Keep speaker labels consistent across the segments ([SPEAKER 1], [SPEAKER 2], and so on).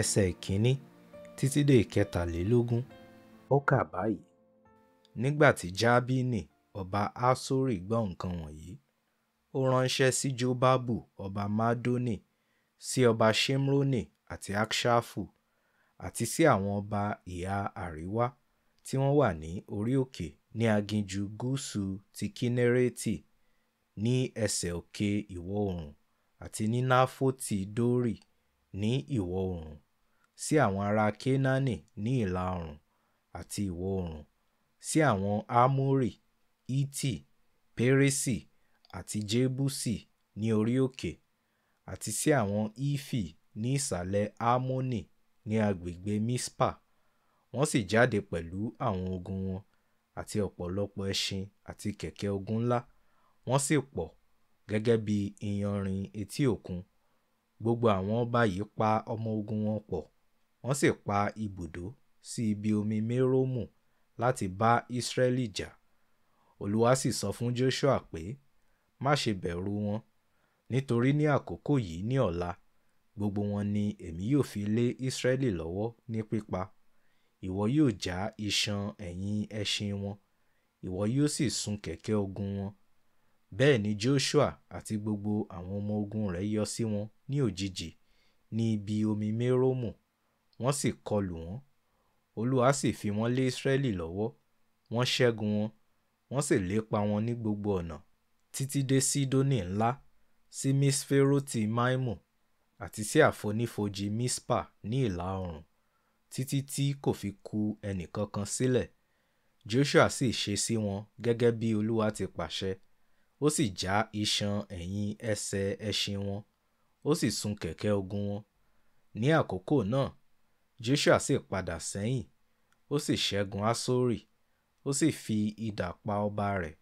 [SPEAKER 1] ẹsẹ̀ ìkíní títí dé ìkẹtàlélógún ó kà báyìí nígbà tí jábínì ọba asori gbọ́ nǹkan wọ̀nyí ó ránṣẹ́ sí jobabu ọba madoni sí ọba shemroni àti akshafu àti sí àwọn ọba ìhà àríwá tí wọ́n wà ní orí òkè ní aginjù gúúsù ti kínérétì ní ẹsẹ̀ òkè ìwọ̀ oòrùn àti ní náfótì dórì ní ìwọ̀-oòrùn, sí àwọn ará Kénáánì ní ìlà-oòrùn àti ìwọ̀-oòrùn, sí àwọn Ámórì, Hiti, Peresi àti Jebusi ní orí òkè, àti sí àwọn Hifi ní ìsàlẹ̀ Arnoni ní agbègbè Mispa. Wọ́n sì jáde pẹ̀lú àwọn ogun wọn, àti ọ̀pọ̀lọpọ̀ ẹṣin àti kẹ̀kẹ́ ogun ńlá, wọ́n sì pọ̀ gẹ́gẹ́ bí iyanrìn etí òkun gbogbo àwọn ọba yìí pa ọmọ ogun wọn pọ̀ wọ́n sì pa ibùdó sí ibi omi mérómù láti bá Israẹli jà. Olúwa sì sọ fún Jóṣúà pé, “Má ṣe bẹ̀rù wọn, nítorí ní àkókò yìí ní ọ̀la, gbogbo wọn ni èmi yóò fi lé Israẹli lọ́wọ́ ní pípa. Ìwọ yóò já iṣan ẹ̀yìn ẹṣin wọn, ìwọ yóò sì sun kẹ̀kẹ́ ogun wọn.” Bẹ́ẹ̀ ni Jóṣúà àti gbogbo àwọn ọmọ ogun rẹ̀ yọ sí wọn ní òjijì ní ibi omi mérómù wọ́n sì kọlù wọ́n olúwa sì fi wọ́n lé ísírẹ́lì lọ́wọ́ wọ́n ṣẹ́gun wọn wọ́n sì lépa wọn ní gbogbo ọ̀nà títí dé sídónì ńlá sí misferoti maimu àti sí àfonífojì mispa ní ìlà oòrùn títí tí kò fi ku ẹnìkankan sílẹ̀ joshua sì ṣe sí wọn gẹ́gẹ́ bí olúwa ti pàṣẹ ó sì já iṣan ẹ̀yìn ẹsẹ̀ ẹṣin wọn ó sì sun kẹ̀kẹ́ ogun wọn. ní àkókò náà joshua sì padà sẹ́yìn ó sì ṣẹ́gun asori ó sì fi idà pa ọba rẹ̀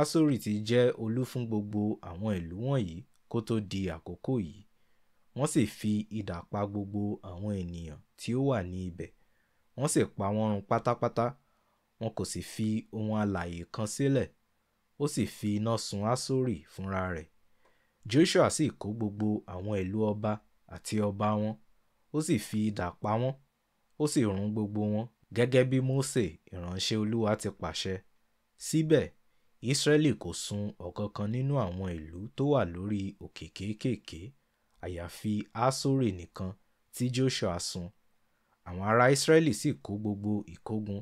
[SPEAKER 1] asori ti jẹ́ olú fún gbogbo àwọn ìlú wọ̀nyí kó tó di àkókò yìí wọ́n sì fi idà pa gbogbo àwọn ènìyàn tí ó wà ní ibẹ̀ wọ́n sì pa wọ́n run pátápátá wọn kò sì fi ohun alààyè kan sílẹ̀ ó sì fi iná sun asori fúnra rẹ̀ Joṣua sì kó gbogbo àwọn ìlú ọba àti ọba wọn, ó sì fi idà pa wọ́n, ó sì run gbogbo wọn gẹ́gẹ́ bí Mose ìránṣẹ́ Olúwa ti pàṣẹ. Síbẹ̀, Israẹli kò sun ọ̀kankan nínú àwọn ìlú tó wà lórí òkè kéékèèké àyàfi Aṣori nìkan tí Joṣua sun. Àwọn ará Israẹli sì kó gbogbo ìkógun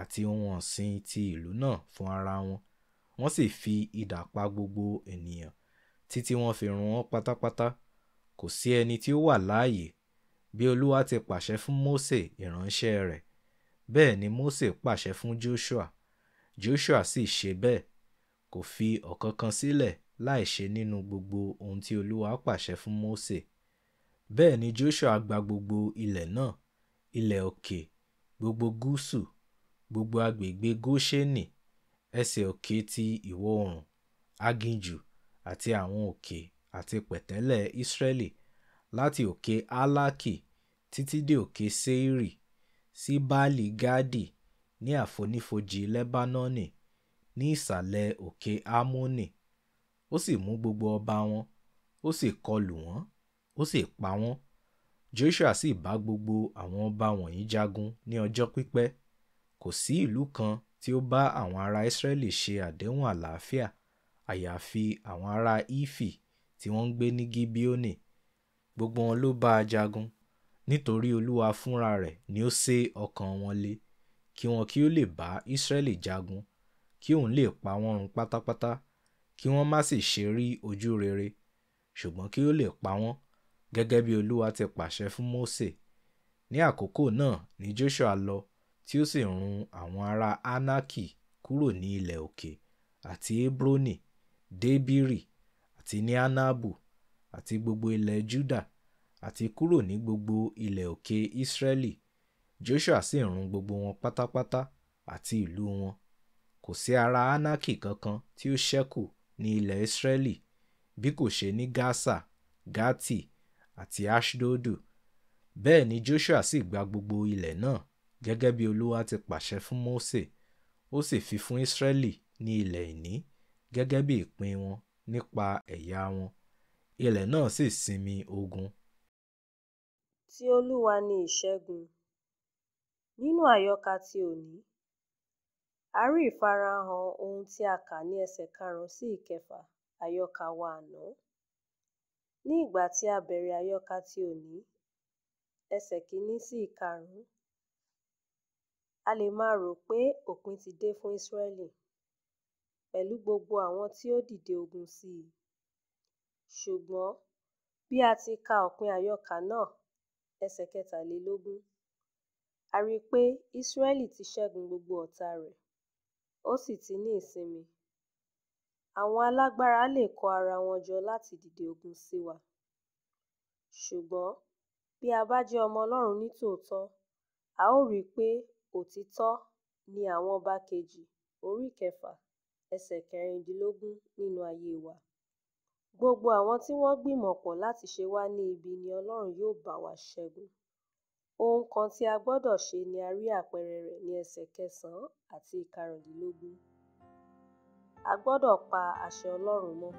[SPEAKER 1] àti ohun ọ̀sìn ti ìlú náà fún ara wọn, wọ́n sì fi idà pa gbogbo ènìyàn títí wọ́n fi run wọ́n pátápátá kò sí ẹni tí ó wà láàyè bí olúwa ti pàṣẹ fún Mósè ìránṣẹ́ rẹ̀ bẹ́ẹ̀ ni Mósè pàṣẹ fún Joshua Joshua sì ṣe bẹ́ẹ̀ kò fi ọ̀kankan sílẹ̀ láì ṣe nínú gbogbo ohun tí olúwa pàṣẹ fún Mósè bẹ́ẹ̀ ni Joshua gba gbogbo ilẹ̀ náà ilẹ̀ òkè gbogbo gúúsù gbogbo agbègbè Góṣẹ́nì ẹsẹ̀ òkè ti ìwọ̀ oòrùn aginjù àti àwọn òkè àti pẹ̀tẹ́lẹ̀ Ísírẹ́lì láti òkè alaki títí dé òkè Seiri sí Baali-Gadi ní àfonífojì Lebanoni ní ìsàlẹ̀ òkè amoni Ó sì mú gbogbo ọba wọn, ó sì kọlù wọ́n, ó sì pa wọ́n. Joṣua sì bá gbogbo àwọn ọba wọ̀nyí jagun ní ọjọ́ pípẹ́. Kò sí ìlú kan tí ó bá àwọn ará Ísírẹ́lì ṣe àdéhùn àlàáfíà àyàfi àwọn ará ifi tí wọ́n ń gbé ní gíbíónì gbogbo wọn ló bá a jagun nítorí olúwa fúnra rẹ̀ ni ó sé ọkàn wọn le kí wọn kí ó lè bá ísírẹ́lì jagun kí òun lè pa wọ́n run pátápátá kí wọ́n má sì ṣe rí ojú rere ṣùgbọ́n kí ó lè pa wọ́n gẹ́gẹ́ bí olúwa ti pàṣẹ fún mósè ní àkókò náà ni joshua lọ tí ó sì run àwọn ará anaki kúrò ní ilẹ̀ òkè àti hebroni Debiri, àti ní Ánábù àti gbogbo ilẹ̀ Juda àti kúrò ní gbogbo ilẹ̀ òkè Israẹli. Joṣua sì run gbogbo wọn pátápátá àti ìlú wọn. Kò sí ará Anaki kankan tí ó ṣẹ́kù ní ilẹ̀ Israẹli bí kò ṣe ní Gasa, Gati àti Aṣdodu. Bẹ́ẹ̀ ni Joshua sì gba gbogbo ilẹ̀ náà gẹ́gẹ́ bí Olúwa ti pàṣẹ fún Mósè, ó sì fi fún Israẹli ní ilẹ̀ ìní gẹ́gẹ́ bí ìpín wọn nípa ẹ̀yà wọn, ilẹ̀ náà sì sinmi ogun.
[SPEAKER 2] Ti Olúwa ni ìṣẹ́gun. Nínú àyọkà ti òní, a rí ìfarahàn ohun tí a kà ní ẹsẹ̀ karùn-ún sí ìkẹfà àyọkà wa àná. Ní ìgbà tí a bẹ̀rẹ̀ àyọkà ti òní, ẹsẹ̀ kíní sí ìkarùn-ún, a lè máa rò pé òpin ti dé fún Ísírẹ́lì pẹ̀lú gbogbo àwọn tí ó dìde ogun sí i ṣùgbọ́n bí a ti ka òpin àyọkà náà ẹsẹ kẹtàlélógún a rí i pé ísírẹ́lì ti ṣẹ́gun gbogbo ọ̀tá rẹ̀ ó sì ti ní ìsinmi àwọn alágbára lè kó ara wọn jọ láti dìde ogun sí wa ṣùgbọ́n bí a bá jẹ́ ọmọ ọlọ́run ní tòótọ́ a ó rí i pé òtítọ́ ni àwọn ọba kejì orí kẹfà ẹsẹ̀ kẹrìndínlógún nínú ayé wa gbogbo àwọn tí wọn gbìmọ̀pọ̀ láti ṣe wá ní ibi ni ọlọ́run yóò bá wa ṣẹ́gun ohun kan tí a gbọ́dọ̀ ṣe ni a rí àpẹẹrẹ rẹ̀ ní ẹsẹ̀ kẹsànán àti ìkarùndínlógún a gbọ́dọ̀ pa àṣẹ ọlọ́run mọ́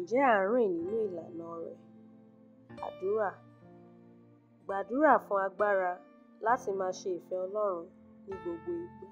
[SPEAKER 2] ǹjẹ́ à ń rìn nínú ìlànà rẹ̀ àdúrà gbàdúrà fún agbára láti máa ṣe ìfẹ́ ọlọ́run ní gbogbo ìgbà